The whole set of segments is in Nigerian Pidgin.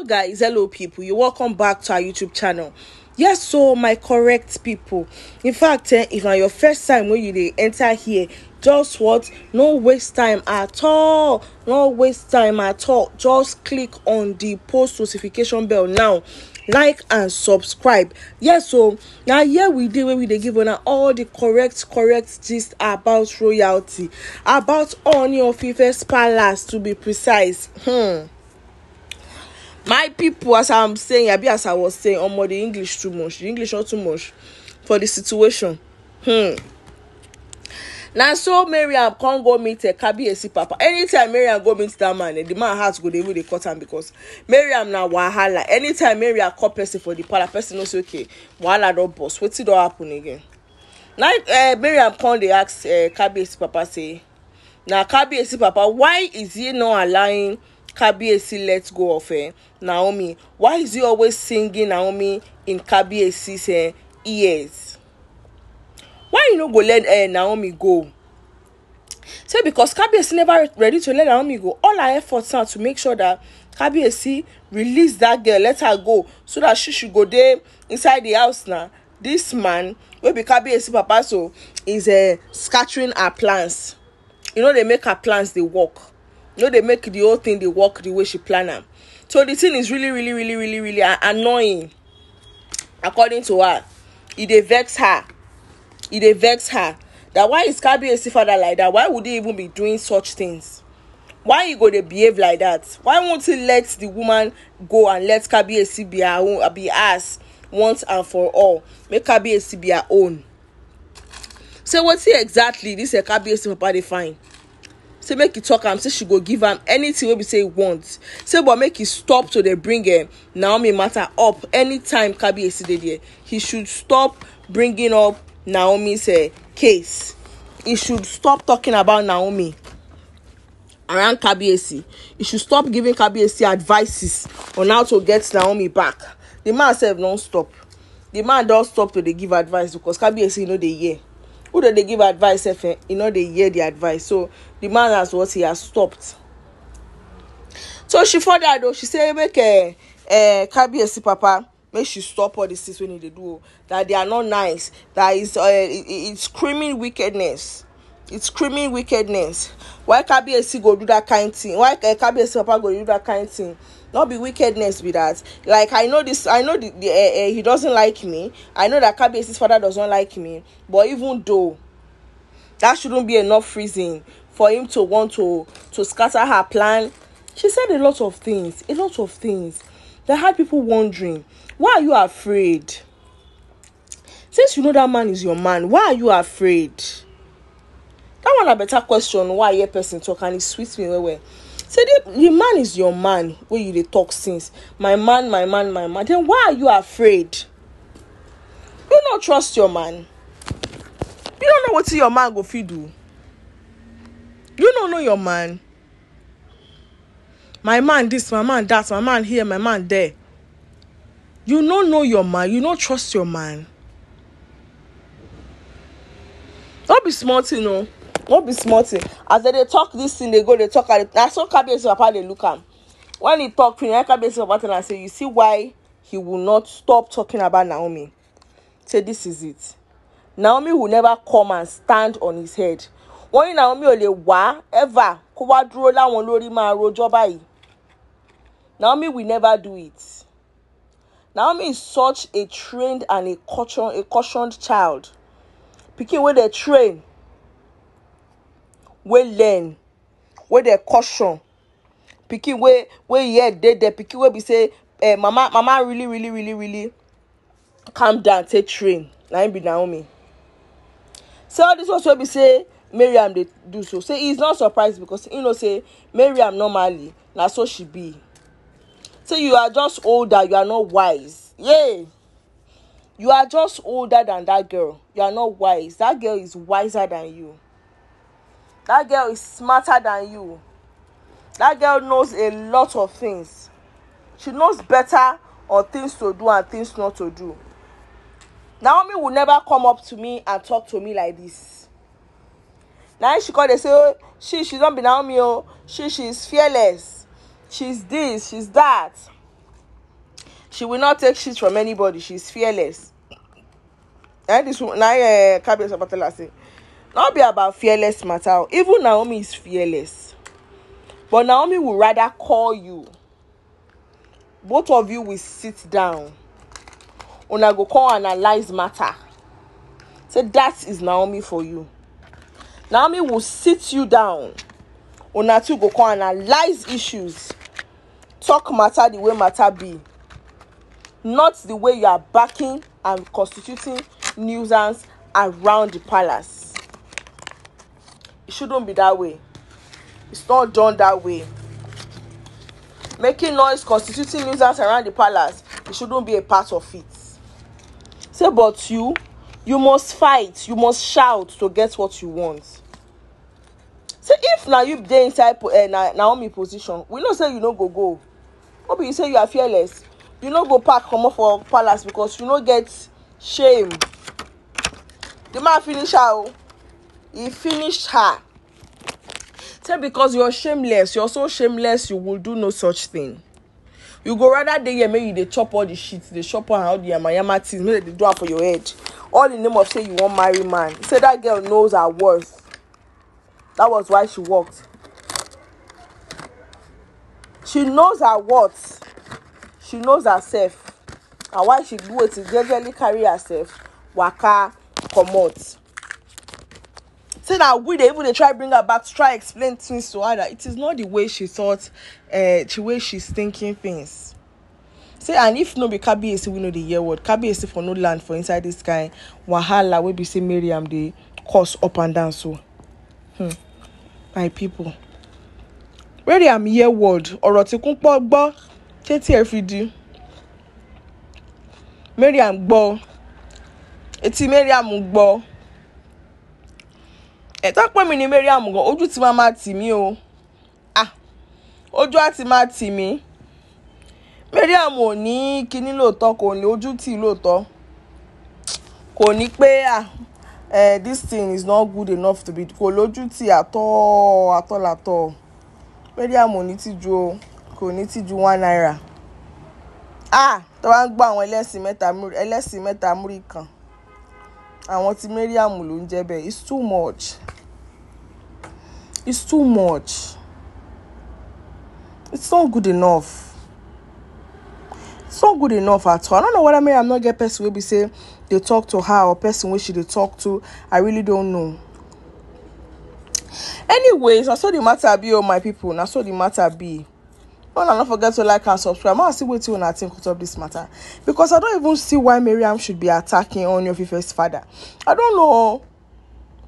hello guys hello people you're welcome back to our youtube channel yes so my correct people in fact eh, if na your first time when you dey enter here just what no waste time at all no waste time at all just click on the post notification bell now like and subscribe yes so, now here we do wey we they give on all the correct correct gist about royalty about Ooni your Ife's palace to be precise. Hmm my people as i'm saying abi as i was saying omo um, the english too much the english not too much for the situation hmm. na so mariam come go meet her kabiyesi papa anytime mariam go meet that man eh, the man heart go dey even dey cut am because mariam na wahala anytime mariam call person for the palace person know say okay wahala don burst wetin don happen again na uh, eh, mariam come dey ask uh, kabiyesi papa say na kabiyesi papa why is he not allowing Kabiesi let go of uh, eh? Naomi. Why is he always singing Naomi in Kabiesi's uh, eh, ears? Why you no go let eh Naomi go? Say because Kabiesi never ready to let Naomi go. All her efforts now to make sure that Kabiesi release that girl, let her go, so that she should go there inside the house now. This man, wey be Kabiesi papa so, is uh, scattering her plans. You know they make her plans dey work no dey make the whole thing dey work the way she plan am so the thing is really really really really really annoying according to her e dey vex her e dey vex her that why is Kabi kabiyesi father like that why would he even be doing such things why he go dey behave like that why won't he let the woman go and let Kabi a kabiyesi be her own be hers once and for all make Kabi a kabiyesi be her own say so wetin exactly this kabiyesi papa dey find say make e talk am say she go give am anything wey be say e want say but make e stop to dey bring um, naomi matter up anytime Kabi kabiyesi dey there he should stop bringing up naomi's uh, case he should stop talking about naomi around Kabi kabiyesi he should stop giving Kabi kabiyesi advices on how to get naomi back the man sef don stop the man don stop to dey give advice because Kabi kabiyesi no dey hear who dem dey give advice sef eh e no dey hear the advice so the man has what he has stopped so she further though she say make eh eh kabiyesi papa make she stop all the things wey he dey do o oh. that they are not nice that is uh, it, it's screaming wickedness it's screaming wickedness why kabiyesi go do that kind thing why uh, eh, kabiyesi papa go do that kind thing not be wickedness with that like i know this i know the, the uh, uh, he doesn't like me i know that Kabi's father doesn't like me but even though that shouldn't be enough reason for him to want to to scatter her plan she said a lot of things a lot of things that had people wondering why are you afraid since you know that man is your man why are you afraid that one a better question why a person talk and it sweets me well well say the the man is your man wey you dey talk since my man my man my man then why are you afraid you no trust your man you no know wetin your man go fit do you no know your man my man this my man that my man here my man there you no know your man you no trust your man no be small thing o. You no be small thing as they dey talk this thing they go dey talk and na so kabiyesi papa dey look am when he talk finish kabiyesi papa tell am say you see why he will not stop talking about naomi say this is it naomi will never come and stand on his head wọ́n ní naomi ò lè wá ever kó wá dúró láwọn lórí máa rojọ́ báyìí naomi will never do it naomi is such a trained and a cautioned, a cautioned child pikin wey dey train wey learn wey dey caution pikin wey wey ear dey there pikin wey be say eh, mama mama really really really really calm down take train na him be naomi say so, all these ones wey be say Maryam, dey do so say he is not surprised because he know say Maryam normally na so she be say so you are just older you are not wise yay you are just older than that girl you are not wise that girl is wiser than you That girl is smarter than you. That girl knows a lot of things. She knows better on things to do and things not to do. Naomi will never come up to me and talk to me like this. Now she called and say, oh, she she don't be Naomi, oh, she she's fearless, she's this, she's that. She will not take shit from anybody. She's fearless. And this one, now, uh, to last. say, not be about fearless matter even naomi is fearless but naomi would rather call you both of you will sit down una go come analyze matter say that is naomi for you naomi will sit you down una two go come analyze issues talk matter the way matter be not the way you are backing and constituting nuisance around the palace it shouldn't be that way it's not done that way making noise constituting nuisance around the palace it shouldn't be a part of it say but you you must fight you must shout to get what you want say if na you dey inside uh, na naomi position we know say you no go go no be say you are fearless you no go pack comot for palace because you no get shame the man finish her o he finished her. Say because you're shameless, you're so shameless, you will do no such thing. You go rather day, here maybe they chop all the shit, they chop all the yamayama things, make they do am for your head. All in the name of say you wan marry man. Say that girl knows her worth. That was why she walked. She knows her worth. She knows herself. And why she do it, she jejely carry herself, waka, comot say that we they even they try bring her back to try explain things to her that it is not the way she thought uh, the way she's thinking things say and if no be KBC, we know the year word KBC for no land for inside this guy. wahala wey be say mariam the cause up and down so hmm. my people mariam year word or tí kún pọ̀ gbọ́ ṣé tí ẹ fi di mariam gbọ́ etí mariam gbọ́ ẹ̀tọ́ pè mí ní Mariam gan ojú ti máa máa tì mí o ah ojú á ti máa tì mí Mariam ò ní kinní lóòótọ́ kò ní ojú tì lóòótọ́ kò ní pé ah eh, this thing is not good enough to be kò lójú tì àtọ́ àtọ́làtọ́ Mariam ò ní tìjú o kò ní tìjú one naira ah tó bá ń gbọ́ àwọn ẹlẹ́sìn mẹ́ta ẹlẹ́sìn mẹ́ta múrí kan àwọn tí Mariam ló ń jẹ́ bẹ́ẹ̀ it's too much it's too much it's not good enough it's not good enough at all i don't know whether Mariam no get person wey be say dey talk to her or person wey she dey talk to i really don't know anyways na so the matter be o oh my people na so the matter be. don't forget to like and subscribe I'll see wetin una think ontop this matter because i don't even see why miriam should be attacking on your first father i don't know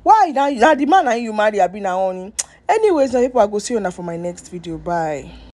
why Now the man and you marry have been owning. anyways now people i go see you now for my next video bye